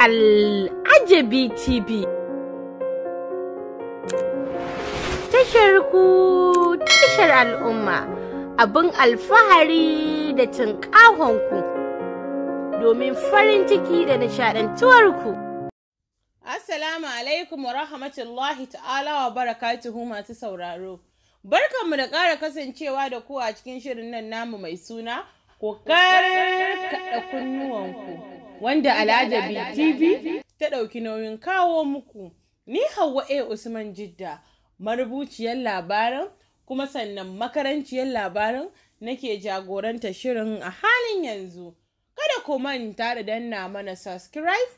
Al'ajabi TV. Tashar ku tashar al'umma abin alfahari da ku domin farin ciki da nishadantuwarku. Assalamu alaikum wa rahmatullahi ta'ala wa barakatuhu masu sauraro. Barkanmu da ƙara kasancewa da ku a cikin shirin nan namu mai suna, ku kaɗa kunnuwanku. wanda alajabi TV ta ɗauki nauyin kawo muku. Ni Hauwa A. Usman Jidda, marubuciyar labarin kuma sannan makaranciyar labarin nake jagoranta shirin a halin yanzu. Kada ku manta da danna mana subscribe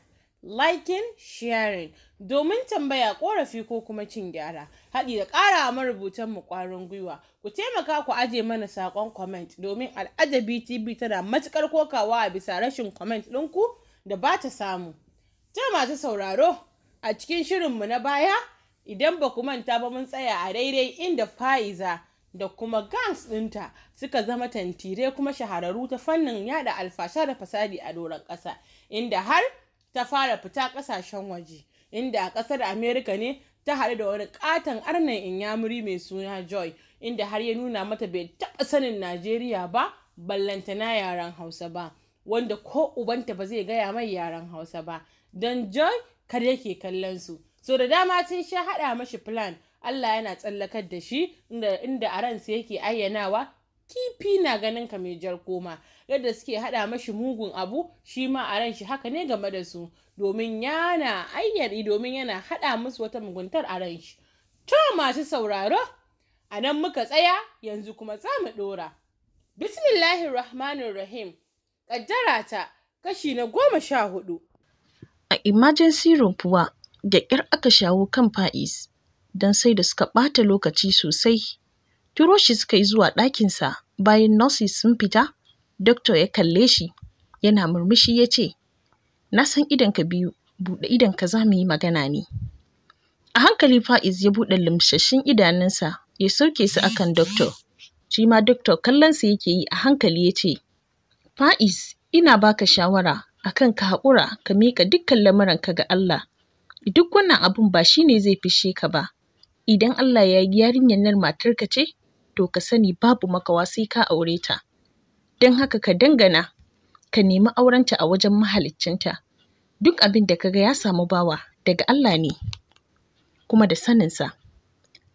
liking, sharing domin tambaya korafi ko kuma cin gyara. Haɗi da ƙara a marubutan mu ƙwarin gwiwa. Ku taimaka ku aje mana saƙon comment domin al'ajabi TV tana matuƙar kokawa a bisa rashin comment ɗinku da ba ta samu. Ta masu sauraro a cikin shirinmu na baya idan ba ku manta ba mun tsaya a daidai inda fa'iza da kuma gans ɗinta suka zama tantire kuma shahararru ta fannin yada alfasha da fasadi a doron ƙasa inda har ta fara fita ƙasashen waje inda a ƙasar america ne ta haɗu da wani ƙaton arnan inyamuri mai suna joy inda har ya nuna mata bai taɓa sanin najeriya ba ballantana yaren hausa ba wanda ko ubanta ba zai gaya mai yaren hausa ba don joy kar yake kallon su so da dama sun sha haɗa mashi plan allah yana tsallakar da shi inda a ransa yake ayyanawa kifi na ganin ka mai jar koma yadda suke haɗa mashi mugun abu shi ma a ran shi haka ne game da su domin yana ayyar domin yana haɗa musu wata muguntar a ran shi to masu sauraro a nan muka tsaya yanzu kuma za mu ɗora bismillahir rahmanir rahim kaddara ta kashi na goma sha hudu a emergency room kuwa da ƙyar aka shawo kan fa'is don sai da suka ɓata lokaci sosai Turo shi suka yi zuwa ɗakinsa bayan nurses sun fita, doctor ya kalle shi yana murmushi ya ce, Na san idon ka biyu, buɗe ka za mu yi magana ne. A hankali Fa'iz ya buɗe limshashin idanunsa ya sauke su akan doctor. Shi ma doctor kallonsa yake yi a hankali ya ce, Fa'iz, ina baka shawara akan ka haƙura ka miƙa dukkan ka ga Allah. Duk wannan abun ba shi ne zai fishe ka ba. Idan Allah ya yi yarinyar nan matarka ce, to ka sani babu makawa sai ka aure ta don haka ka dangana ka nemi aurenta a wajen mahaliccinta duk abin da kaga ya samu bawa daga Allah ne kuma da saninsa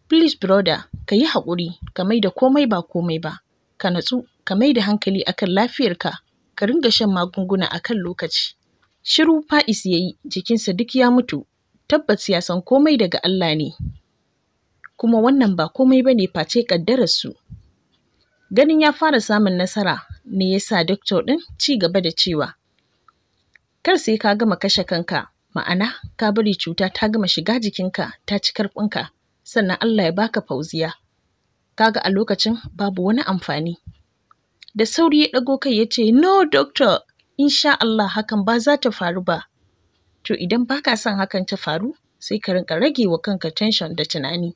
please brother ka yi haƙuri ka mai da komai ba komai ba ka natsu ka mai da hankali akan lafiyar ka ka ringa shan magunguna akan lokaci shiru fa'is yayi jikinsa duk ya mutu tabbas ya san komai daga Allah ne kuma wannan ba komai ba ne face ƙaddararsu. Ganin ya fara samun nasara ne ya sa doktor ɗin ci gaba da cewa, Kar sai ka gama kashe kanka, ma'ana ka bari cuta ta gama shiga jikinka ta ci karfinka, sannan Allah ya baka fauziya. Kaga a lokacin babu wani amfani. Da sauri ya ɗago kai ya ce, No, doctor, insha Allah hakan ba za ta faru ba. To idan baka son hakan ta faru, sai ka rinka rage wa kanka tension da tunani.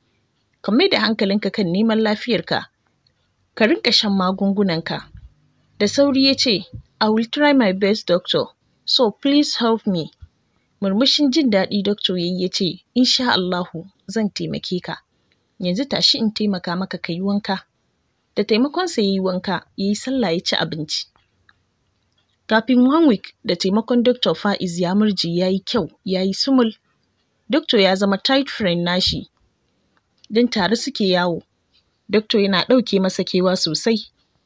ka mai da hankalinka kan neman lafiyarka ka rinka shan magungunanka da sauri ya ce i will try my best doctor so please help me murmushin jin daɗi doctor yayi ya ce insha Allahu zan taimake ka yanzu tashi in taimaka maka ka yi wanka da taimakonsa ya yi wanka ya yi sallah ya ci abinci kafin one week da taimakon doctor fa'iz ya murji ya yi kyau ya yi sumul doctor ya zama tight friend nashi don tare suke yawo. Dokto yana ɗauke masa kewa sosai,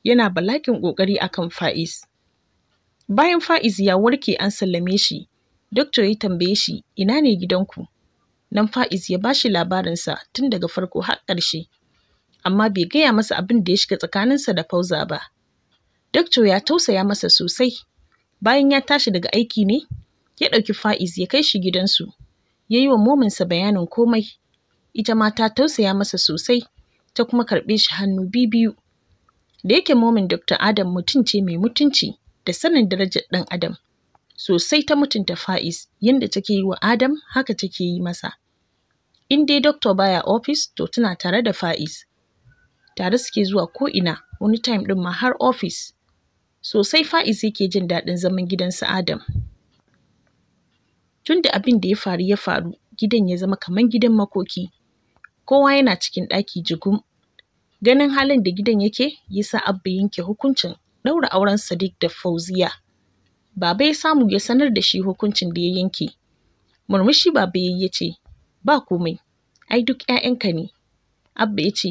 yana balakin ƙoƙari akan Fa'iz. Bayan Fa'iz ya warke an sallame shi, Dokto ya tambaye shi, ina ne gidanku? Nan Fa'iz ya ba shi labarinsa tun daga farko har ƙarshe, amma bai gaya masa abin da ya shiga tsakaninsa da Fauza ba. Dokto ya tausaya masa sosai, bayan ya tashi daga aiki ne, ya ɗauki Fa'iz ya kai shi gidansu, ya yi wa mominsa bayanin komai. ita ma ta tausaya masa sosai ta kuma karɓe shi hannu biyu-biyu. da yake momin dr adam mutum ce mai mutunci da sanin darajar ɗan adam sosai ta mutunta fa'is yadda take yi wa adam haka take yi masa in dai dr baya ofis to tana tare da fa'is tare suke zuwa ko ina wani time ɗin ma har ofis sosai fa'is yake jin daɗin zaman gidansa adam tunda abin da ya faru ya faru gidan ya zama kamar gidan makoki kowa yana cikin ɗaki jigum ganin halin da gidan yake yasa abba yanke hukuncin ɗaura auren sadiq da fauziya baba ya samu ya sanar da shi hukuncin da ya yanke murmushi baba ya yi ce ba komai ai duk 'ya'yanka ne abba ya ce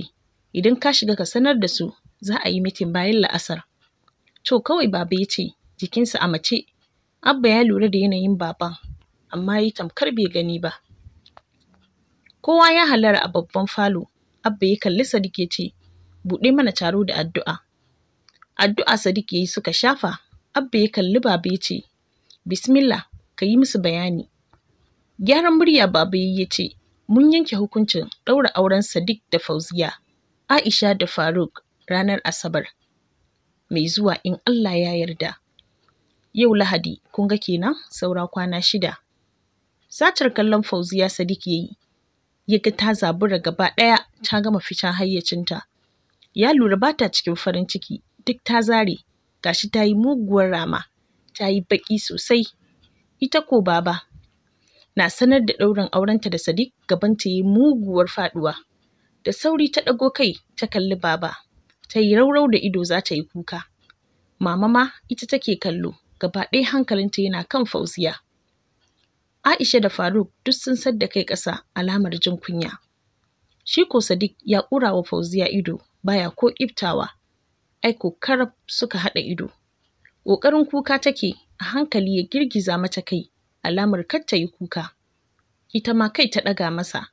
idan ka shiga ka sanar da su za a yi mitin bayan la'asar to kawai baba ya ce jikinsa a mace abba ya lura da yanayin baban amma ya tamkar bai gani ba kowa ya halara a babban falo abba ya kalli sadiq ya ce buɗe mana taro da addu'a addu'a sadiq ya yi suka shafa abba ya kalli baba ya ce bismillah ka yi musu bayani gyaran murya baba ya ce mun yanke hukuncin ɗaura auren sadiq da fauziya aisha da faruk ranar asabar mai zuwa in allah ya yarda yau lahadi kun ga kenan saura kwana shida satar kallon fauziya sadiq ya yi ya ga ta zabura gaba ɗaya ta gama fitan hayyacinta. Ya lura ba ta cikin farin ciki duk ta zare gashi ta yi muguwar rama ta yi baƙi sosai. Ita ko baba na sanar da ɗaurin aurenta da Sadiq gaban ta yi muguwar faɗuwa. Da sauri ta ɗago kai ta kalli baba ta yi raurau da ido za ta yi kuka. Mama ma ita take kallo gaba ɗaya hankalinta yana kan fauziya. Aisha da Faruk duk sun da kai ƙasa alamar jin kunya. Shi ko Sadiq ya ƙura wa Fauziya ido baya ko ƙiftawa. ko karab suka haɗa ido. Ƙoƙarin kuka take a hankali ya girgiza mata kai alamar kar ta yi kuka. Ita ma kai ta ɗaga masa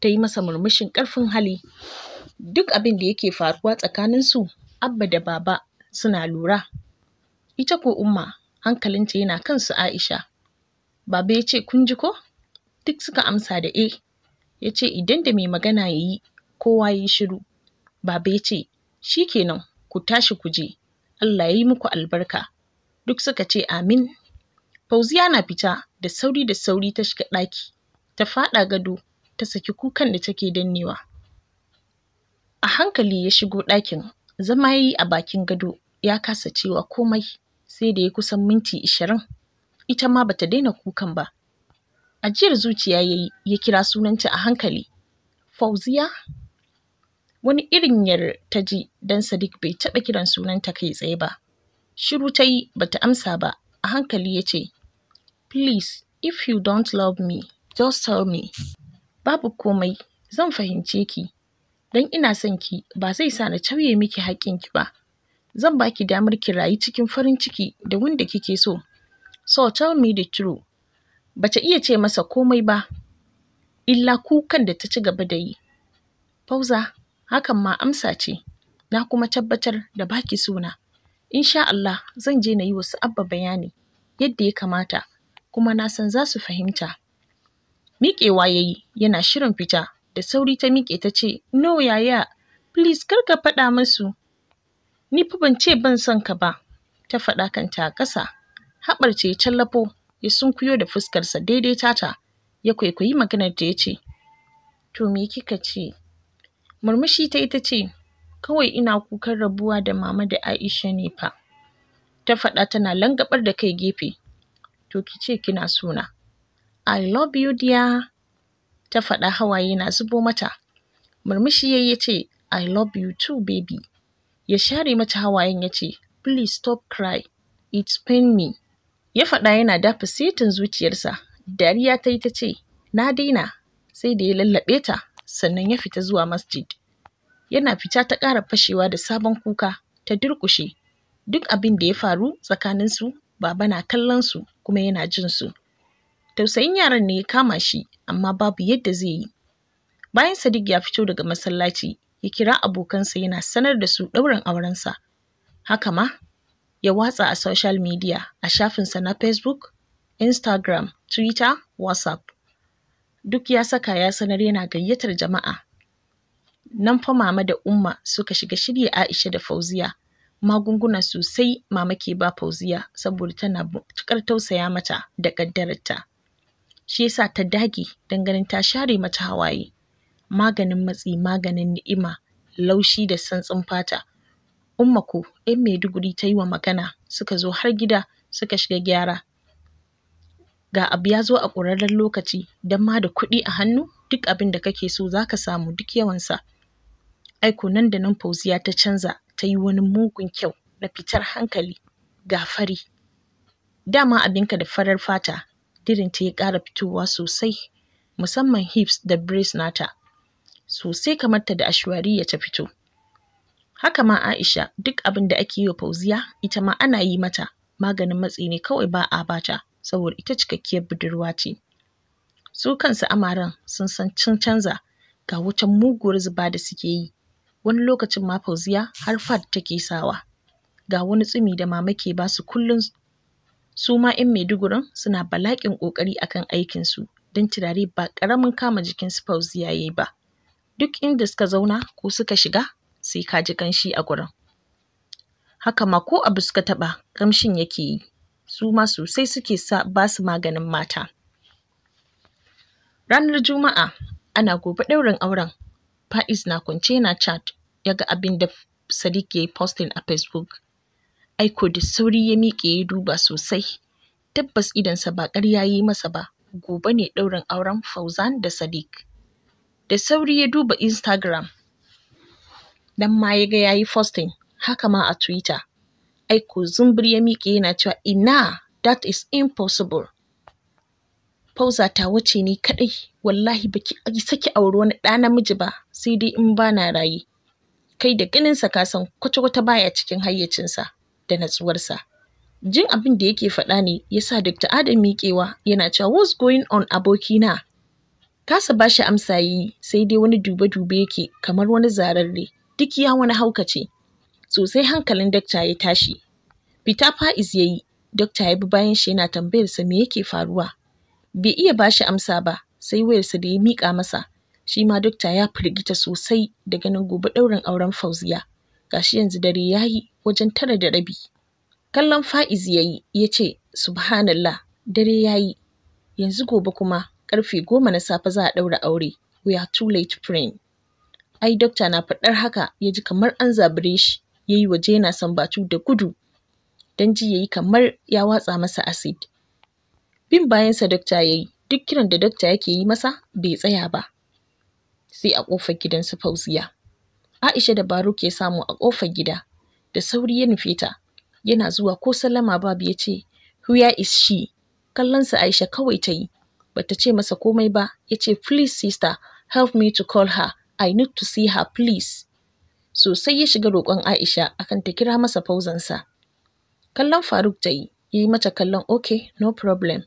ta yi masa murmushin ƙarfin hali. Duk abin da yake faruwa tsakaninsu Abba da Baba suna lura. Ita ko Umma hankalinta yana kansu Aisha. Baba ya ce kun ji ko? Duk suka amsa da eh. Ya ce idan da mai magana ya yi kowa ya yi shiru. Baba ya ce shi kenan ku tashi ku je. Allah ya yi muku albarka. Duk suka ce amin. Fauziya na fita da sauri da sauri ta shiga ɗaki. Ta faɗa gado ta saki kukan da take dannewa. A hankali ya shigo ɗakin, zama ya yi a bakin gado, ya kasa cewa komai sai da ya kusan minti ashirin. ita ma bata daina kukan ba ajiyar zuciya yayi ya kira sunanta a hankali fauziya wani irin yar ta ji dan sadiq bai taɓa kiran sunanta kai tsaye ba shiru ta yi bata amsa ba a hankali ya ce please if you don't love me just tell me babu komai zan fahimce ki don ina son ki ba zai sa na cauye miki haƙƙinki ba zan baki damar ki rayu cikin farin ciki da wanda kike so So tell me the truth. Bata iya ce masa komai ba, illa kukan da ta ci gaba da yi. Fauza, hakan ma amsa ce, na kuma tabbatar da baki suna. Insha Allah zan je na yi wasu abba bayani yadda ya kamata, kuma na san za su fahimta. Miƙewa ya yi, yana shirin fita, da sauri ta miƙe ta ce, No yaya, please kar ka faɗa masu Ni fa ban ce ban son ka ba, ta faɗa kanta a ƙasa. haɓarce ya tallafo ya sunkuyo da fuskarsa daidai tata ya kwaikwayi maganar da ya ce to me kika ce murmushi ta ita ce kawai ina kukan rabuwa da mama da aisha ne fa ta faɗa tana langabar da kai gefe to kice ce kina suna i love you dear ta faɗa hawaye na zubo mata murmushi yayi ya ce i love you too baby ya share mata hawayen ya ce please stop cry it's pain me ya faɗa yana dafa setin zuciyarsa dariya ta yi ta ce na daina sai da ya lallaɓe ta sannan ya fita zuwa masjid yana fita ta ƙara fashewa da sabon kuka ta durƙushe duk abin da ya faru tsakaninsu baba na kallon su kuma yana jin su tausayin yaran ne ya kama shi amma babu yadda zai yi bayan sadiq ya fito daga masallaci ya kira abokansa yana sanar da su ɗaurin aurensa haka ma ya watsa a social media a shafinsa na Facebook, Instagram, Twitter, WhatsApp. Duk ya saka ya sanar yana gayyatar jama'a. Nan fa mama da umma suka shiga shirya Aisha da Fauziya. Magunguna sosai mama ke ba Fauziya saboda tana matuƙar tausaya mata da ƙaddararta. Shi yasa ta dage ganin ta share mata hawaye. Maganin matsi maganin ni'ima, laushi da santsin fata. Ummako yan Maiduguri ta yi wa magana suka zo har gida suka shiga gyara ga abu ya zo a ƙurarren lokaci don ma da kuɗi a hannu duk abin da kake so za ka samu duk yawansa aiko nan da nan fauziya ta canza ta yi wani mugun kyau na fitar hankali ga fari dama abinka da farar fata dirinta ya ƙara fitowa sosai musamman hips da breast nata sosai kamar ta da ashwariya ta fito Haka ma Aisha duk abin da ake yi wa Fauziya ita ma ana yi mata maganin matsi ne kawai ba a bata saboda ita cikakkiyar budurwa ce. Su kansu amaren sun san cin canza ga wata muguwar zuba da suke yi. Wani lokacin ma Fauziya har fad take sawa. Ga wani tsumi da mama ke ba su kullum su ma 'yan Maidugurin suna balaƙin ƙoƙari akan aikin su don turare ba ƙaramin kama jikinsu Fauziya ya ba. Duk inda suka zauna ko suka shiga sai ka ji ƙanshi a gurin haka ma ko abu suka taɓa ƙamshin yake yi su ma sosai suke sa ba su maganin mata ranar juma'a ana gobe ɗaurin auren Faiz na kwance na chat ya ga abin da Sadiq ya yi posting a Facebook. Aiko da sauri ya miƙe ya duba sosai. Tabbas idansa ba ƙarya yi masa ba, gobe ne ɗaurin auren Fauzan da Sadiq. Da sauri ya duba Instagram dan ma ya ga yayi fasting haka ma a Twitter. Aiko zumbur ya miƙe yana cewa ina that is impossible. Fauza ta wuce ni kaɗai wallahi baki saki auri wani ɗa namiji ba sai dai in ba na raye. Kai da ganinsa ka san kwata-kwata baya cikin hayyacinsa da natsuwarsa. Jin abin da yake faɗa ne ya sa Dr. Adam miƙewa yana cewa what's going on abokina? Kasa ba shi amsa yi sai dai wani dube-dube yake kamar wani zararre. duk ya wani haukace sosai hankalin dokta ya tashi fita fa'iz ya yi Dokta ya bi bayan shi yana tambayarsa me yake faruwa bai iya ba shi amsa ba sai wayarsa da ya miƙa masa shi ma dokta ya firgita sosai da ganin gobe ɗaurin auren fauziya gashi yanzu dare ya yi wajen tara da rabi kallon fa'iz ya yi ya ce subhanallah dare ya yi yanzu gobe kuma ƙarfe goma na safe za a ɗaura aure we are too late praying ai dokta na faɗar haka ya ji kamar an zabure shi ya yi waje yana sambatu da gudu don ji ya yi kamar ya watsa masa acid bin bayansa dokta ya yi duk kiran da dokta yake yi masa bai tsaya ba sai a ƙofar gidan su fauziya aisha da baruk ya samu a ƙofar gida da sauri ya nufe ta yana zuwa ko Salama babu ya ce where is she kallonsa aisha kawai ta yi bata ce masa komai ba ya ce please sister help me to call her I need to see her please. Sosai ya shiga roƙon Aisha akan ta kira masa fauzansa. Kallon Faruk ta yi, ya yi mata kallon okay, no problem.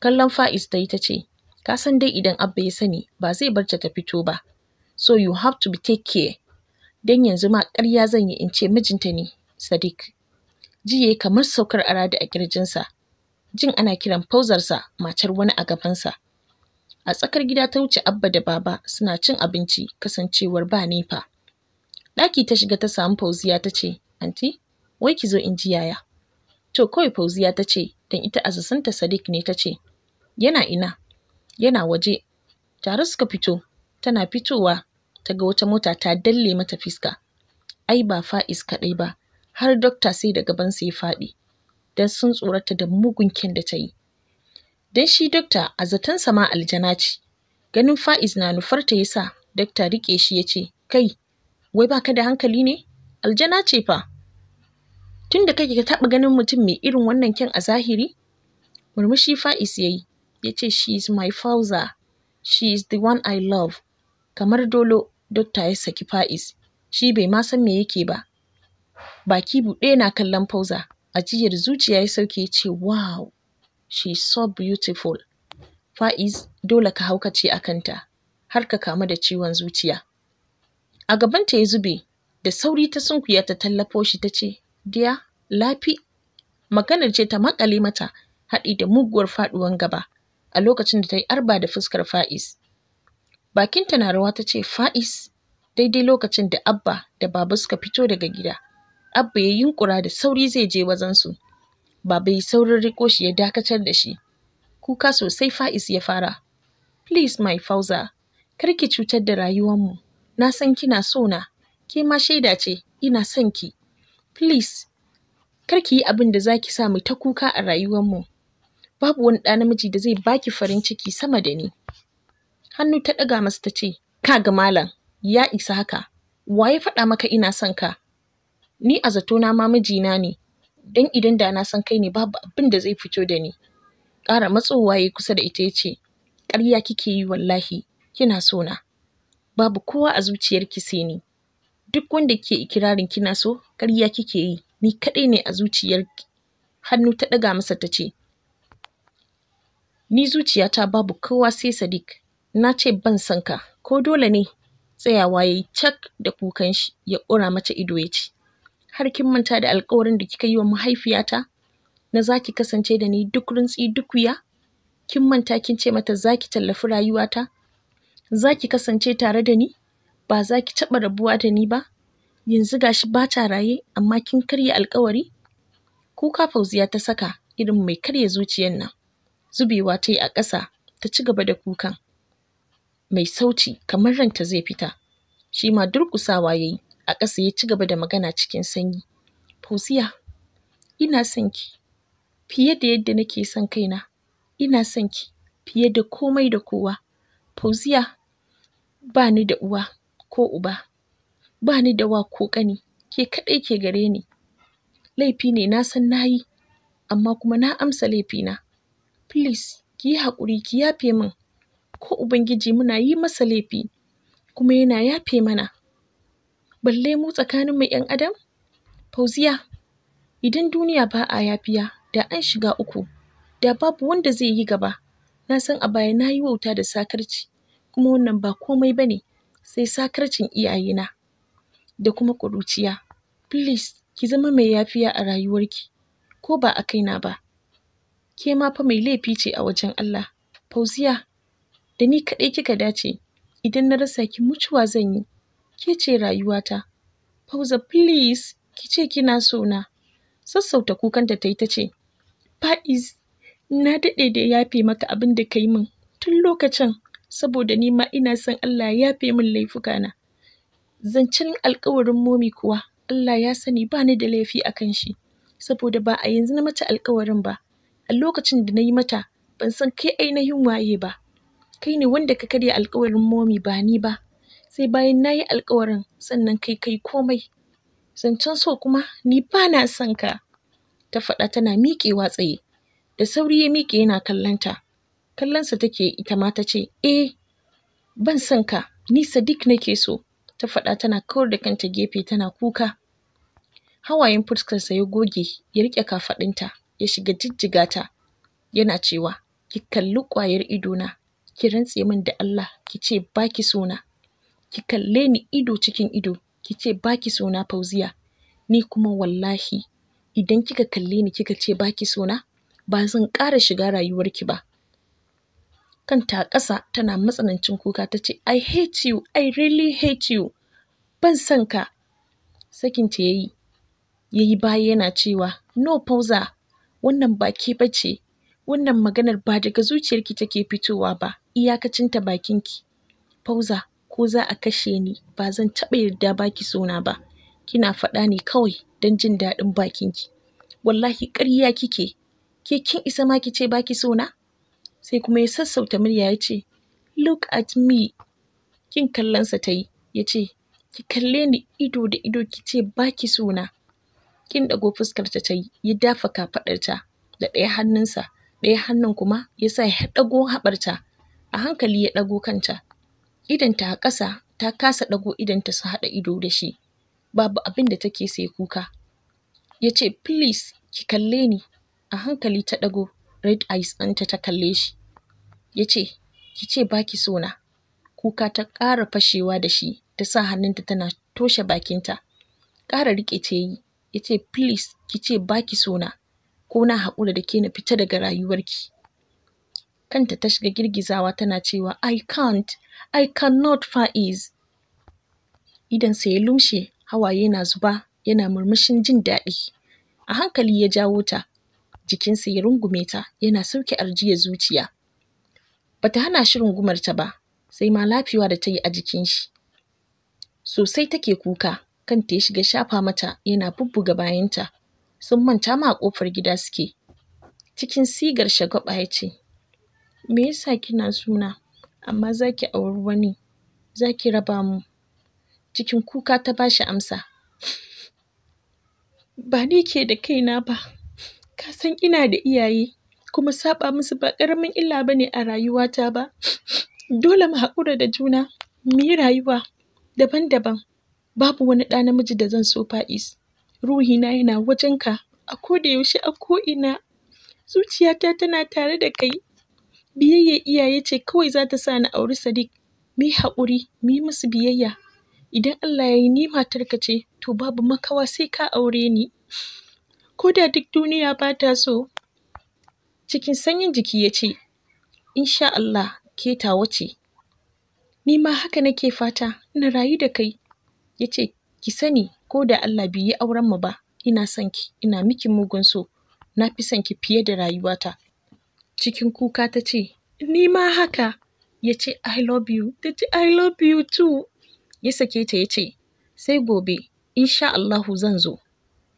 Kallon Fa'iz ta yi ta ce, ka san dai idan Abba ya sani ba zai bar ta fito ba. So you have to be take care. Dan yanzu ma ƙarya zan yi in ce mijinta ne, Sadiq. Jiye kamar saukar arada a ƙirjinsa. Jin ana kiran fauzarsa matar wani a gabansa. a tsakar gida ta wuce abba da baba suna cin abinci kasancewar ba NEPA. ɗaki ta shiga ta samu fauziya ta ce anti wai ki zo in ji yaya to kawai fauziya ta ce don ita azasanta sadiq ne ta ce yana ina yana waje tare suka fito tana fitowa ta ga wata mota ta dalle mata fiska ai ba fa'is kaɗai ba har dokta sai da gabansa ya faɗi don sun tsorata da mugun kyan da ta yi don shi dokta a zaton sama aljana ce ganin fa'iz na nufarta ya sa dokta Rike shi ya ce kai wai ba ka da hankali ne aljana ce fa tun da kake taɓa ganin mutum mai irin wannan kyan a zahiri murmushi fa'is ya yi ya ce she is my fauza she is the one i love kamar dolo dokta ya saki fa'is shi bai ma san me yake ba baki buɗe na kallon fauza ajiyar zuciya ya sauke ce wow she's so beautiful fa'iz dole ka hau kace a kanta har ka kamu da ciwon zuciya a gabanta ya zube da sauri ta sunkuya ta tallafo shi ta ce diya lafi maganar ce ta makale mata haɗi da muguwar faɗuwan gaba a lokacin da ta yi arba da fuskar fa'is bakinta na rawa ta ce Fa'iz. daidai lokacin da abba da baba suka fito daga gida abba ya yunkura da sauri zai je wajensu Baba yi saurin riko shi ya dakatar da shi. Kuka sosai fais ya fara. Please my Fauza, kar ki cutar da rayuwarmu. Na san kina so na. Ke ma shaida ce, ina son ki. Please, karki yi abin da za ki sami ta kuka a rayuwarmu. Babu wani ɗa namiji da zai baki farin ciki sama da ni. Hannu ta ɗaga masa ta ce, Ka ga malam, ya isa haka. Wa ya faɗa maka ina son ka? Ni a zatona ma mijina ne, don idan da na san kai ne babu abin da zai fito da ni ƙara matsowa ya kusa da ita ya ce ƙarya kike yi wallahi kina so na babu kowa a zuciyarki sai ni duk wanda ke ikirarin kina so ƙarya kike yi ni kaɗai ne a zuciyarki hannu ta ɗaga masa ta ce ni zuciyata babu kowa sai sadiq na ce ban sanka ko dole ne tsayawa ya yi cak da kukan shi ya ƙura mace ido ya ce har kin manta da alƙawarin da kika yi wa mahaifiyata na za ki kasance da ni duk rintsi duk wuya kin manta kin ce mata za ki tallafi rayuwata za ki kasance tare da ni ba za ki taɓa rabuwa da ni ba yanzu gashi ba ta raye amma kin karya alƙawari kuka fauziya ta saka irin mai karya zuciyar nan zubewa ta yi a ƙasa ta ci gaba da kukan mai sauci kamar ranta zai fita shi ma durƙusawa ya yi a ƙasa ya ci gaba da magana cikin sanyi. Fauziya, ina son ki fiye da yadda nake son kaina. Ina son ki fiye da komai da kowa. Fauziya, ba ni da uwa ko uba, ba ni da wa ko ƙani, ke kaɗai ke gare ni. Laifi ne na san na yi, amma kuma na amsa laifina. Please, ki yi haƙuri, ki yafe min. Ko Ubangiji muna yi masa laifi, kuma yana yafe mana. balle mu tsakanin mu 'yan adam Fauziya idan duniya ba a yafiya da an shiga uku da babu wanda zai yi gaba na san a baya na yi wauta da sakarci kuma wannan ba komai ba ne sai sakarcin iyayena da kuma ƙuruciya please ki zama mai yafiya a rayuwarki ko ba a kaina ba ke ma fa mai laifi ce a wajen Allah Fauziya da ni kaɗai kika dace idan na rasa ki mutuwa zan yi ke ce rayuwata. Fauza please kice kina so na. Sassauta kukanta ta yi ta ce, Fa'iz, na daɗe da yafe maka abin da ka yi min tun lokacin saboda ni ma ina son Allah ya yafe min laifuka na Zancen alkawarin momi kuwa Allah ya sani bani da laifi a kan shi, saboda ba a yanzu na mata alkawarin ba, a lokacin da na yi mata ban san kai ainihin waye ba, kai ne wanda ka karya alkawarin momi ba ni ba. sai bayan na yi alƙawarin sannan kai kai komai zancen so kuma ni ba na son ka ta faɗa tana miƙewa tsaye da sauri ya miƙe yana kallonta kallonsa take ita ma ta ce, eh ban son ka ni Sadiq nake so ta faɗa tana kawar da kanta gefe tana kuka hawayen fuskarsa ya goge ya riƙe kafaɗinta ya shiga jijjiga ta yana cewa ki kalli ƙwayar idona ki rantse min da Allah ki ce ba ki sona ki kalle ni ido cikin ido ki ce ba ki Fauziya ni kuma wallahi idan kika kalle ni kika ce ba ki so ba zan ƙara shiga rayuwarki ba kanta ƙasa tana matsanancin kuka ta ce I hate you I really hate you ban son ka sakin ta yayi yayi baya yana cewa no Fauza wannan ba ke bace wannan maganar ba daga zuciyarki take fitowa ba iyakacinta bakinki Fauza ko za a kashe ni ba zan taɓa yarda ba ki so ba kina faɗa ne kawai don jin daɗin bakinki wallahi ƙarya kike ke kin isa ma kice ce ba ki sai kuma ya sassauta murya ya ce look at me kin kallonsa ta yi ya ce ki kalle ni ido da ido ki ce ba ki kin ɗago fuskarta ta yi ya dafa kafaɗarta da ɗaya hannunsa ɗaya hannun kuma ya sa ya ɗago haɓarta a hankali ya ɗago kanta idonta a ƙasa ta kasa ɗago idonta su haɗa ido da shi babu abin da take sai kuka ya ce please ki kalle ni a hankali ta ɗago red eyes ɗinta ta kalle shi ya ce ki ce ba ki sona kuka ta ƙara fashewa da shi ta sa hannunta tana toshe bakinta ƙara riƙe ta yi ya ce please ki ce ba ki na ko na haƙura da ke na fita daga rayuwarki kanta ta shiga girgizawa tana cewa I can't I cannot Faiz. sa ya lumshe, hawaye na zuba, yana murmushin jin daɗi. A hankali ya jawo ta, jikinsa ya rungume ta, yana sauke ajiyar zuciya. Bata hana shi rungumar ta ba, sai ma lafiya da ta yi a jikin shi. Sosai take kuka, kanta ya shiga shafa mata yana bubbuga bayanta. Sun manta ma a ƙofar gida suke. Cikin sigar shagwaɓa ya ce, Me yasa kina suna? amma za ki auri wani za ki raba mu cikin kuka ta ba shi amsa ba ni ke da kaina ba ka san ina da iyaye kuma saɓa musu ba ƙaramin illa ba ne a rayuwata ba dole mu haƙura da juna mu yi rayuwa daban-daban babu wani ɗa namiji da zan so fa'is ruhina yana wajenka a ko da yaushe a ko'ina zuciyata tana tare da kai biyayyar iyaye ce kawai zata sa na auri Sadiq Mi haƙuri mi musu biyayya idan Allah yayi ni matarka ce to babu makawa sai ka aure ni Ko da duk duniya bata so cikin sanyin jiki ya yace insha Allah ke tawa ce ni ma haka nake fata ina rayu da kai Ya ce ki sani ko da Allah bai yi auren mu ba ina son ki ina miki mugun so na fi son ki fiye da rayuwata cikin kuka ta ce, Ni ma haka, ya ce, I love you, ta ce, I love you too. Ya sake ta ya ce, Sai gobe, insha Allahu zan zo.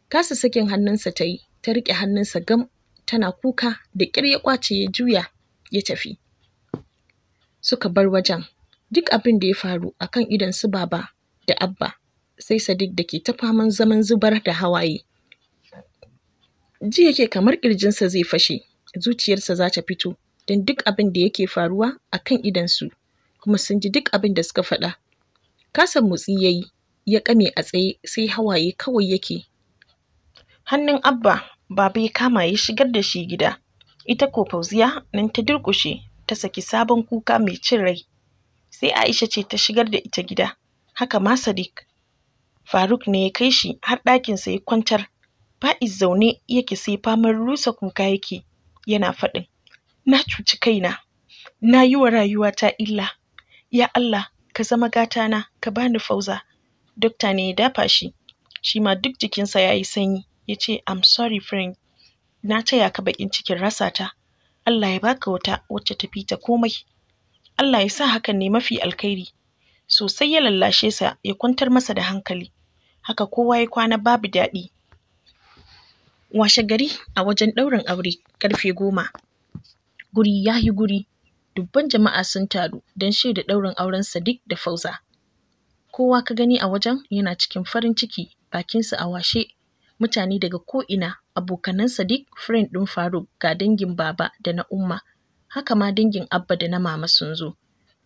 Kasa sakin hannunsa ta yi, ta riƙe hannunsa gam, tana kuka da ƙyar ya ƙwace ya juya ya tafi. Suka bar wajen, duk abin da ya faru a kan idon su baba da abba, sai Sadiq da ke ta faman zaman zubar da hawaye. Ji yake kamar ƙirjinsa zai fashe, zuciyarsa za ta fito don duk abin da yake faruwa a kan idansu kuma sun ji duk abin da suka faɗa kasan motsi ya yi ya ƙame a tsaye sai hawaye kawai yake hannun abba baba ya kama ya shigar da shi gida ita ko fauziya nan ta durƙushe ta saki sabon kuka mai cin rai sai aisha ce ta shigar da ita gida haka ma sadiq faruk ne ya kai shi har ɗakinsa ya kwantar fa'iz zaune yake sai faman rusa kuka yake yana faɗin na cuci kaina na yi wa rayuwata illa ya Allah ka zama gata na, ka bani fauza dokta ne ya dafa shi shi ma duk jikinsa ya yi sanyi ya ce am sorry friend na taya ka baƙin cikin rasa ta Allah ya baka wata wacce ta fita komai Allah ya sa hakan ne mafi alkhairi sosai ya lallashe sa ya kwantar masa da hankali haka kowa ya kwana babu daɗi washe gari a wajen ɗaurin aure ƙarfe goma guri ya yi guri dubban jama'a sun taru don shaida ɗaurin auren sadiq da fauza kowa ka gani a wajen yana cikin farin ciki bakinsa a washe mutane daga ko'ina abokanan sadiq friend ɗin faruk ga dangin baba da na umma haka ma dangin abba da na mama sun zo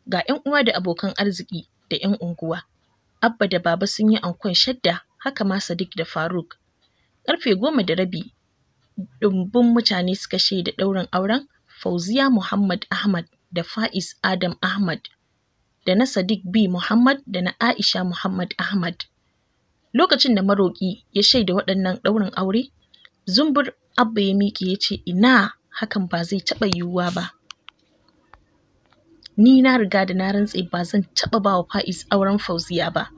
ga 'yan uwa da abokan arziki da 'yan unguwa abba da baba sun yi ankon shadda haka ma sadiq da faruk Karfe goma da rabi ɗumbin mutane suka shaida ɗaurin auren Fauziya Muhammad Ahmad da Faiz Adam Ahmad da na Sadiq B Muhammad da na Aisha Muhammad Ahmad. Lokacin da maroƙi ya shaida waɗannan ɗaurin aure, Zumbur Abba ya miƙe ya ce ina hakan ba zai taɓa yiwuwa ba. Ni na riga da na rantse ba zan taɓa ba wa Faiz auren Fauziya ba.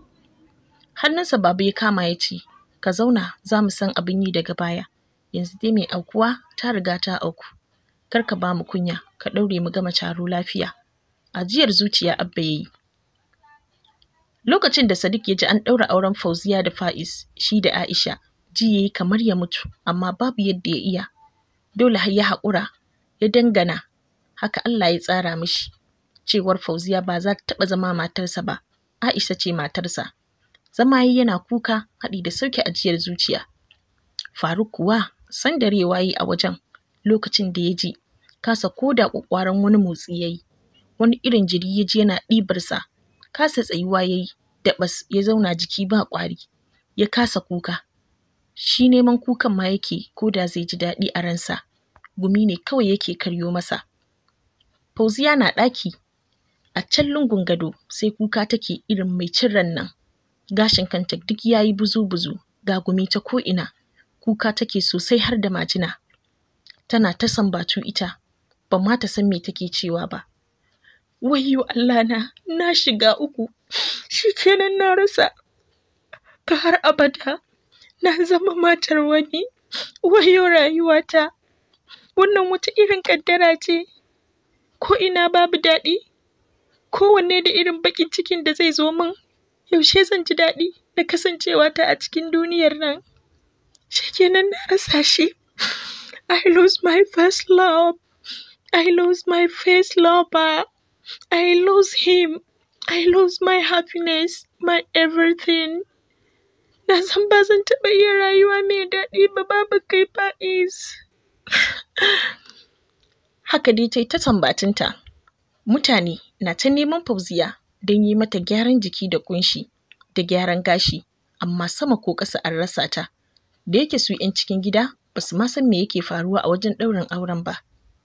Hannunsa Baba ya kama ya ce ka zauna za mu san abin yi daga baya yanzu dai mai aukuwa ta riga ta auku kar ka bamu kunya ka ɗaure mu gama caro lafiya ajiyar zuciya abba ya yi. lokacin da sadiq ya ji an ɗaura auren fauziya da fa'is shi da aisha ji ya yi kamar ya mutu amma babu yadda ya iya dole har ya haƙura ya dangana haka allah ya tsara mishi cewar fauziya ba za ta taɓa zama matarsa ba aisha ce matarsa zama yi yana kuka haɗi da sauke ajiyar zuciya faruk kuwa rewa yi a wajen lokacin da ya ji kasa ko da wani motsi ya yi wani irin jiri ya ji yana ɗibarsa kasa tsayuwa ya yi bas ya zauna jiki ba ƙwari ya kasa kuka shi neman kukan ma yake ko da zai ji daɗi a ransa gumi ne kawai yake karyo masa fauziya na ɗaki a can lungun gado sai kuka take irin mai cin nan gashin kanta duk yayi buzu-buzu ga gumi ta ko'ina kuka take sosai har da majina tana ta sambatu ita ba ma ta san me take cewa ba wayyo Allah na na shiga uku shikenan na rasa ka har abada na zama matar wani wayo rayuwata wannan wata irin kaddara ce ko ina babu daɗi kowanne da irin baƙin cikin da zai zo min yaushe zan ji daɗi da kasancewata a cikin duniyar nan shikenan na rasa shi I lose my first love I lose my first lover I lose him I lose my happiness my everything na san ba zan taɓa iya rayuwa mai daɗi ba babu kai fa'is haka dai ta yi ta tambatinta mutane na ta neman fauziya don yi mata gyaran jiki da ƙunshi da gyaran gashi amma sama ko ƙasa an rasa ta da yake su 'yan cikin gida ba su ma san me yake faruwa a wajen ɗaurin auren ba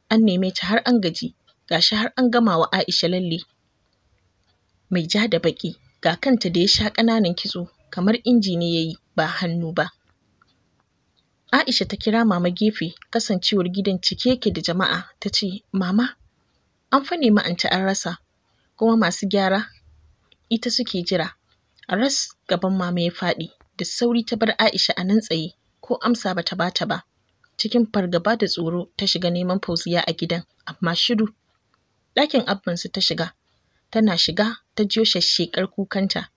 an neme ta har an gaji ga shi har an gama wa Aisha lalle mai ja da baƙi ga kanta da ya sha ƙananan kitso kamar inji ne ya yi ba hannu ba Aisha ta kira mama gefe kasancewar gidan cike yake da jama'a ta ce mama an fa nemi ci an rasa kuma masu gyara ita suke jira. A ras gaban mama ya faɗi da sauri ta bar Aisha a nan tsaye ko amsa ba ta bata ba. Cikin fargaba da tsoro ta shiga neman fauziya a gidan amma shiru. Ɗakin abbansu ta shiga. Tana shiga ta jiyo shashshekar kukanta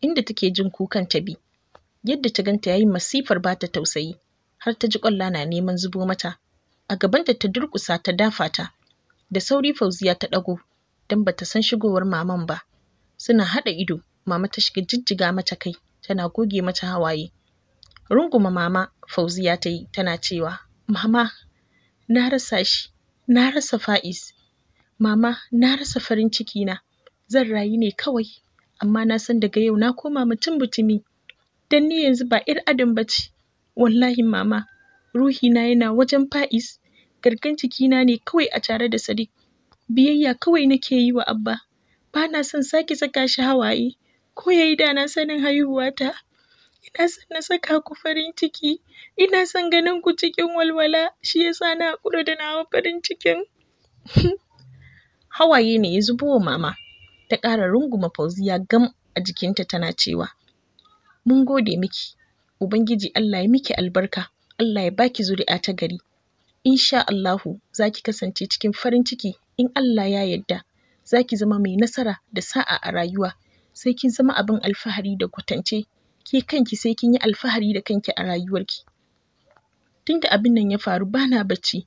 inda take jin kukan ta bi. Yadda ta ganta yayi masifar bata tausayi har ta ji ƙwalla na neman zubo mata. A gabanta ta durƙusa ta dafa ta. Da sauri fauziya ta ɗago don bata san shigowar maman ba. Suna haɗa ido, mama ta shiga jijjiga mata kai, tana goge mata hawaye. Runguma mama Fauziya ta yi tana cewa, Mama, na rasa shi, na rasa Fa'is. Mama, na rasa farin ciki na. Zan rayu ne kawai, amma na san daga yau na koma mutum mutumi. Dan ni yanzu ba 'yar adam ba ce. Wallahi mama, ruhina yana wajen Fa'is. Gargan na ne kawai a tare da Sadiq. biyayya kawai nake yi wa Abba. Ba na son sake saka shi hawaye, ko ya yi da na sanin haihuwata. Ina son na saka ku farin ciki, ina son ganin ku cikin walwala, shi ya sa na haƙura da nawa farin cikin. Hawaye ne ya zubo wa mama, ta ƙara runguma fauziya gam a jikinta tana cewa, Mun gode miki, Ubangiji Allah ya miki albarka, Allah ya baki zuri'a ta gari. Insha Allahu za ki kasance cikin farin ciki in Allah ya yadda za ki zama mai nasara da sa'a a rayuwa sai kin zama abin alfahari da kwatance ke kanki sai kin yi alfahari da kanki a rayuwarki tunda abin nan ya faru bana bacci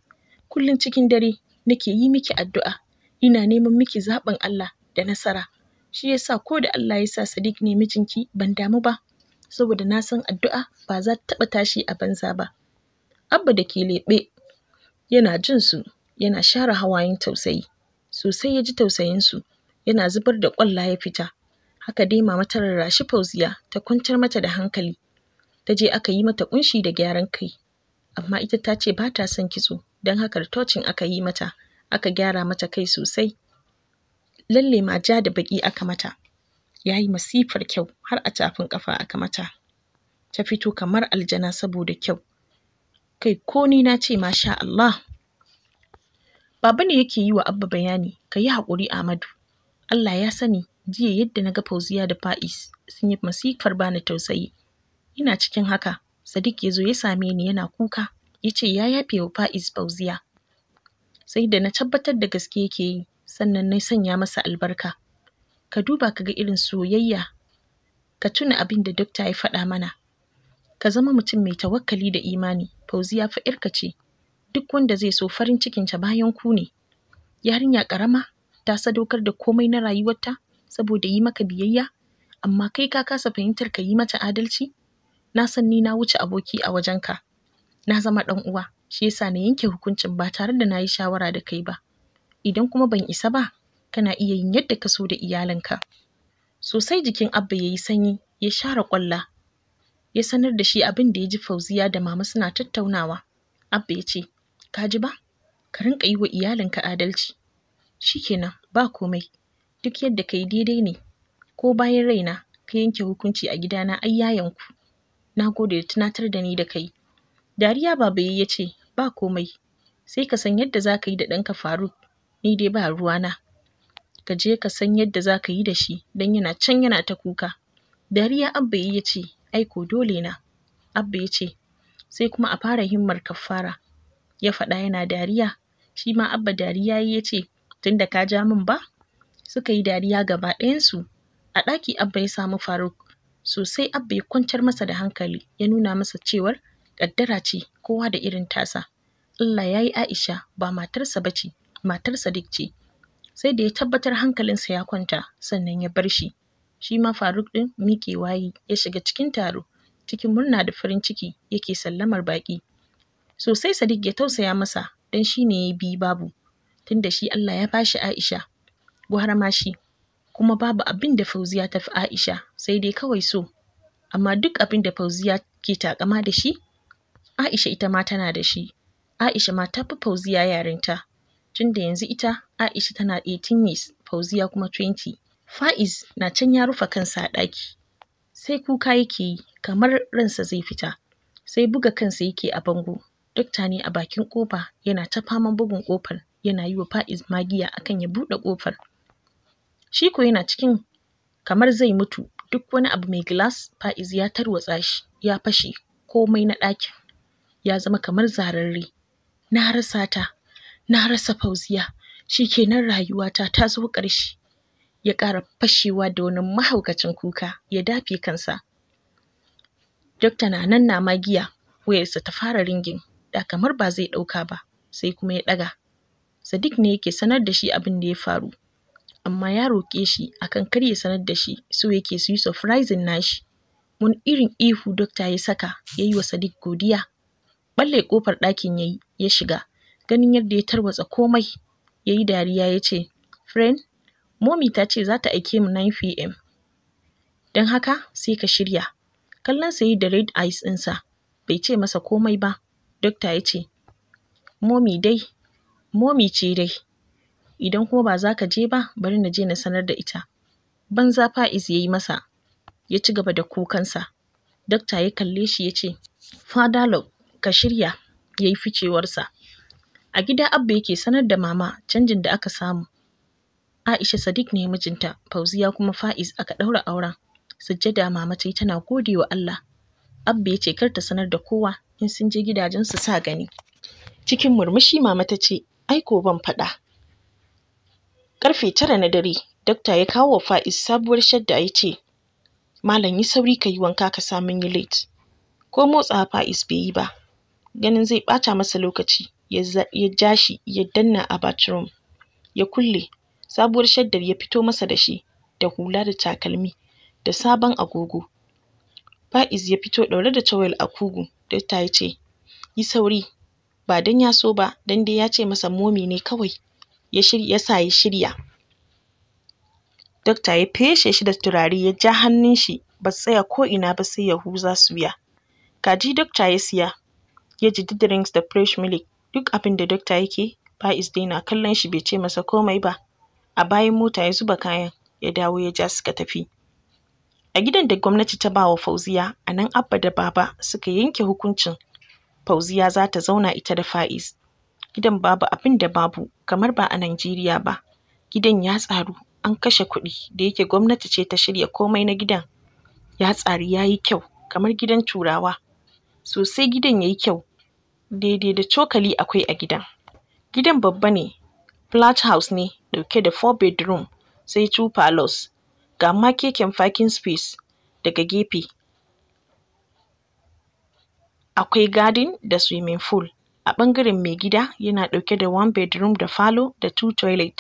kullum cikin dare nake yi miki addu'a ina neman miki zaɓin Allah da nasara shi yasa ko da Allah ya sa Sadiq ne mijinki ban damu ba saboda na san addu'a ba za ta taɓa tashi a banza ba abba da ke leɓe yana jin su yana share hawayen tausayi sosai ya ji tausayinsu yana zubar da ƙwalla ya fita haka dai mama ta rarrashi Fauziya ta kwantar mata da hankali ta je aka yi mata ƙunshi da gyaran kai amma ita ta ce ba ta son kitso don haka da tocin aka yi mata aka gyara mata kai sosai lalle ma ja da baƙi aka mata ya yi masifar kyau har a tafin ƙafa aka mata ta fito kamar aljana saboda kyau kai ko ni na ce masha Allah Baba ne yake yi wa Abba bayani, ka yi haƙuri Amadu. Allah ya sani, jiya yadda na ga Fauziya da Fa'is sun yi masifar bani tausayi. Ina cikin haka, Sadiq ya zo ya same ni yana kuka, ya ce ya yafe wa Fa'is Fauziya. Sai da na tabbatar da gaske yake yi, sannan na sanya masa albarka. Ka duba ka ga irin soyayya, ka tuna abin da dokta ya faɗa mana. Ka zama mutum mai tawakkali da imani, Fauziya fa 'yarka ce, duk wanda zai so farin cikin ta bayan ku ne yarinya ƙarama ta sadaukar da komai na rayuwarta saboda yi maka biyayya amma kai ka kasa fahimtar ka yi mata adalci na san ni na wuce aboki a wajen ka. na zama ɗan uwa shi yasa na yanke hukuncin ba tare da na yi shawara da kai ba idan kuma ban isa ba kana iya yin yadda ka so da iyalinka sosai jikin abba ya yi sanyi ya share ƙwalla ya sanar da shi abin da ya ji fauziya da mama suna tattaunawa abba ya ce ka ji ba ka rinka yi wa iyalinka adalci shikenan ba komai duk yadda ka yi daidai ne ko bayan raina ka yanke hukunci a gidana ai ya yanku na gode da tunatar da ni da kai dariya baba ya ce ba komai sai ka san yadda za ka yi da ɗanka faruk ni dai ba ruwana ka je ka san yadda za ka yi da shi don yana can yana ta kuka dariya abba ya ce aiko dole na abba ya ce sai kuma a fara himmar kaffara ya faɗa yana dariya shi ma abba dariya ya ce tunda ka ja min ba suka yi dariya gaba ɗayansu a ɗaki abba ya samu faruk sosai abba ya kwantar masa da hankali ya nuna masa cewar ƙaddara ce kowa da irin tasa allah ya yi aisha ba matarsa ba ce matarsa duk ce sai da ya tabbatar hankalinsa ya kwanta sannan ya bar shi shi ma faruk ɗin miƙe ya shiga cikin taro cikin murna da farin ciki yake sallamar baƙi sosai Sadiq ya tausaya masa don shi ne ya bi babu tunda shi Allah ya bashi Aisha gwara ma shi kuma babu abin da Fauziya ta fi Aisha sai dai kawai so amma duk abin da Fauziya ke takama da shi Aisha ita ma tana da shi Aisha ma ta fi Fauziya yarinta tunda yanzu ita Aisha tana 18 years Fauziya kuma 20 Faiz na can ya rufe kansa a ɗaki sai kuka yake yi kamar ransa zai fita sai buga kansa yake a bango Dokta ne a bakin ƙofa yana ta faman bugun ƙofar yana yi wa Fa'iz magiya akan ya buɗe ƙofar. Shi ko yana cikin kamar zai mutu duk wani abu mai gilas Fa'iz ya tarwatsa shi ya fashe komai na ɗakin ya zama kamar zararre. Na rasa ta, na rasa fauziya, shi kenan rayuwata ta zo ƙarshe. Ya ƙara fashewa da wani mahaukacin kuka ya dafe kansa. Dokta na nan na magiya wayarsa ta fara ringin. da kamar ba zai ɗauka ba sai kuma ya ɗaga sadiq ne yake sanar da shi abin da ya faru amma ya roƙe shi akan kar ya sanar da shi so yake su yi surprising nashi wani irin ihu dokta ya saka ya yi wa sadiq godiya balle ƙofar ɗakin ya yi ya shiga ganin yadda ya tarwatsa komai ya yi dariya ya ce friend momi ta ce za ta aike mu 9 pm don haka sai ka shirya kallon sayi da red eyes ɗinsa bai ce masa komai ba Dokta ya ce, Momi dai, Momi ce dai, idan kuma ba za ka je ba, bari na je na sanar da ita. Banza Fa'iz ya yi masa, ya ci gaba da kukansa. Dokta ya kalle shi ya ce, fadalog ka shirya, ya yi ficewarsa. A gida Abba yake sanar da mama canjin da aka samu. Aisha Sadiq ne mijinta, Fauziya kuma Fa'iz aka ɗaura auren. Sujjada mama ta tana gode wa Allah. Abba ya ce kar ta sanar da kowa, in sun je gidajen su sa gani cikin murmushi mama ta ce ai ko ban faɗa karfe tara na dare dakta ya kawo fa'iz sabuwar shadda ya ce malam yi sauri ka yi wanka ka samun yi late ko motsa fa'iz bai yi ba ganin zai ɓata masa lokaci ya ja shi ya danna a bathroom ya kulle sabuwar shaddar ya fito masa da shi da hula da takalmi da sabon agogo fa'iz ya fito ɗaure da towel a kugu Dokta ya ce, yi sauri, ba don ya so ba, don dai ya ce masa momi ne kawai, ya shirya sa ya shirya. Dokta ya feshe shi da turare ya ja hannun shi ba tsaya ko ina ba sai ya Yahuza suya. Kaji dokta ya siya, ya ji drinks da fresh milk duk abin da dokta yake Faiz dai na kallon shi bai ce masa komai ba. A bayan mota ya zuba kayan ya dawo ya ja suka tafi. A gidan da gwamnati ta ba wa Fauziya, a nan Abba da Baba suka yanke hukuncin Fauziya za ta zauna ita da Fa'iz. Gidan babu abin da babu, kamar ba a Najeriya ba. Gidan ya tsaru, an kashe kuɗi da yake gwamnati ce ta shirya komai na gidan. Ya tsari ya yi kyau, kamar gidan Turawa. Sosai gidan ya yi kyau, daidai da cokali akwai a gidan. Gidan babba ne, flat house ne ɗauke da four bedroom sai two palace. ga keken parking space daga gefe akwai garden da swimming pool a ɓangaren mai gida yana ɗauke da wan bedroom da falo da two toilet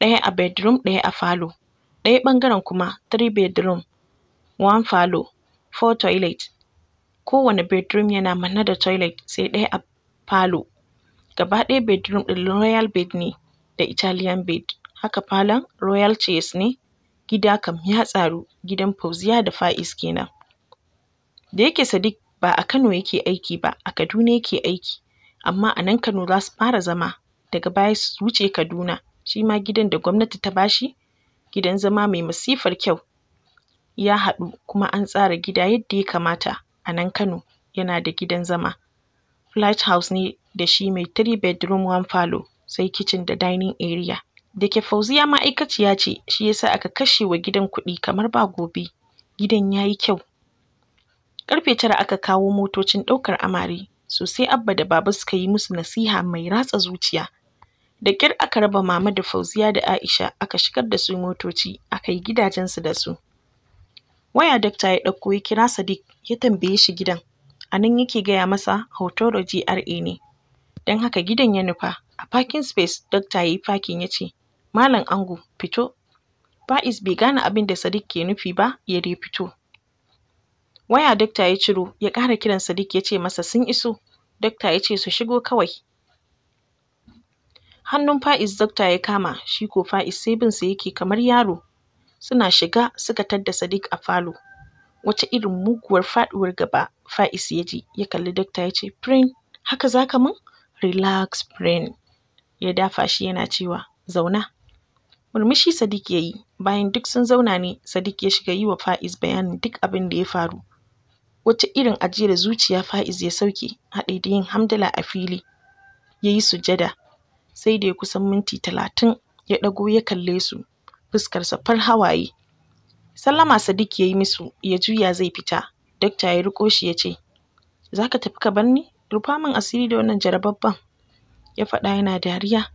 ɗaya a bedroom ɗaya a falo ɗaya ɓangaren kuma three bedroom one falo four toilet kowane bedroom yana manne da toilet sai ɗaya a falo gaba ɗaya bedroom ɗin royal bed ne da Italian bed haka falon royal chase ne gida kam ya tsaru gidan Fauziya da Fa'iz kenan da yake Sadiq ba a Kano yake aiki ba a Kaduna yake aiki amma a nan Kano za su fara zama daga baya su wuce Kaduna shi ma gidan da gwamnati ta bashi gidan zama mai masifar kyau ya haɗu kuma an tsara gida yadda ya kamata a nan Kano yana da gidan zama flat house ne da shi mai three bedroom one falo, sai kitchen da dining area Da ke Fauziya ma'aikaciya ce, shi yasa aka kashe wa gidan kuɗi kamar ba gobe. Gidan ya yi kyau. Ƙarfe tara aka kawo motocin ɗaukar amare, sosai Abba da Baba suka yi musu nasiha mai ratsa zuciya. Da ƙyar aka raba Mama da Fauziya da Aisha aka shigar da su motoci aka yi gidajensu da su. Waya dakta ya ɗauko ya kira Sadiq ya tambaye shi gidan. A nan yake gaya masa Hotoro GRA ne. Don haka gidan ya nufa. A parking space dakta ya yi parking ya ce, Malam ango fito. Faiz bai gane abin da Sadiq ke nufi ba ya dai fito. Waya dakta ya ciro ya ƙara kiran Sadiq ya ce masa sun iso. Dakta ya ce su shigo kawai. Hannun Faiz dakta ya kama shi ko Faiz sai bin sa yake kamar yaro. Suna shiga suka tadda Sadiq a falo. Wace irin muguwar faɗuwar gaba Faiz ya ji ya kalli dakta ya ce Prin haka zaka mun? Relax Prin. Ya dafa shi yana cewa zauna Murmushi Sadiq ya yi, bayan duk sun zauna ne Sadiq ya shiga yi wa Fa'iz bayanin duk abin da ya faru. Wata irin ajiyar zuciya Fa'iz ya sauke haɗe da yin hamdala a fili. Ya yi sujada, sai da ya kusan minti talatin ya ɗago ya kalle su, fuskarsa far hawaye. Sallama Sadiq ya yi musu ya juya zai fita, dakta ya riko shi ya ce, Za ka tafi ka bar ni? Rufa min asiri da wannan jarababban. Ya faɗa yana dariya.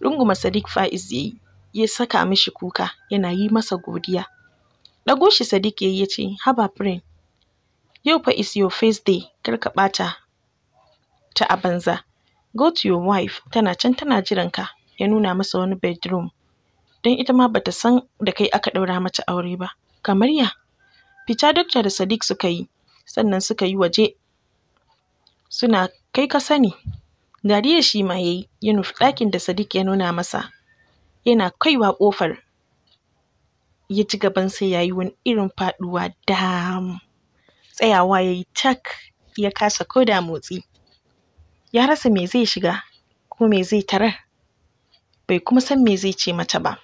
Runguma Sadiq Fa'iz ya yi, ya saka mishi kuka yana yi masa godiya ɗago shi Sadiq yayi ya ce haba friend yau fa is your first day kar ka ɓata ta a banza go to your wife tana can tana jiran ka ya nuna masa wani bedroom don ita ma bata san da kai aka ɗaura mata aure ba kamar ya fita Dokta da Sadiq suka yi sannan suka yi waje suna kai ka sani dariya shi ma yayi ya nufi ɗakin da Sadiq ya nuna masa yana kaiwa ƙofar ya ji sai ya yi wani irin faɗuwa dam tsayawa ya yi tak ya kasa ko da motsi ya rasa me zai shiga ko me zai tarar bai kuma san me zai ce mata ba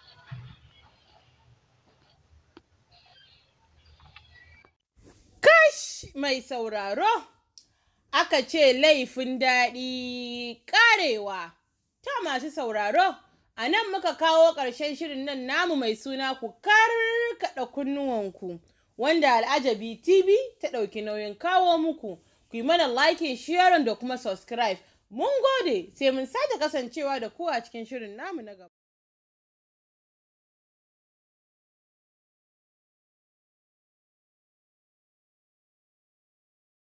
kash mai sauraro aka ce laifin daɗi ƙarewa ta masu sauraro A nan muka kawo ƙarshen shirin nan namu mai suna ku karkaɗa kunnuwanku wanda Al'ajabi TV ta ɗauki nauyin kawo muku. Ku yi mana like, sharing da kuma subscribe. Mun gode sai mun sake kasancewa da ku cikin shirin namu na gaba.